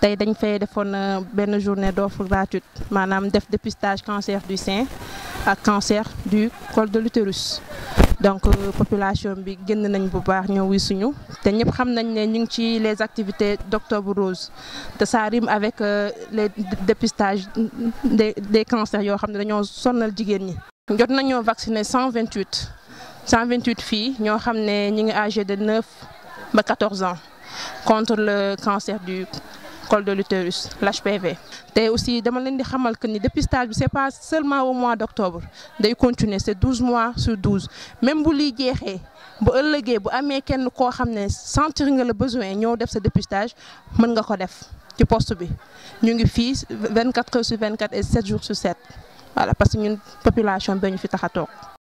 tey dañ fay defoon euh, benn journée d'offre gratuite maanaam def dépistage cancer du sein ak cancer du col de l'utérus donc euh, population bi génn nañ bu baax ñëw wi suñu te ñëpp xam nañ ne ñu ngi ci les activités d'octobre rose te sa rime avec euh, les dépistages des des cancers yoo xam ne dañoo sonnal jigéen ñi. jot nañoo vacciner 128 128 filles ñoo xam ne ñu ngi âgé de 9 ba 14 ans contre le cancer du. col de l'utérus pv te aussi dama leen di xamal que ni dépistage bi c'est pas seulement au mois d'octobre day continuer c'est 12 mois sur 12 même bu liy jeexee bu ëllëgee bu amee kenn koo xam ne sentir nga le besoin ñëw def sa dépistage mën nga ko def ci post bi ñu ngi fii 24 heures sur 24 et 7 jours sur 7 voilà parce que ñun population bee ñu fi tax a toog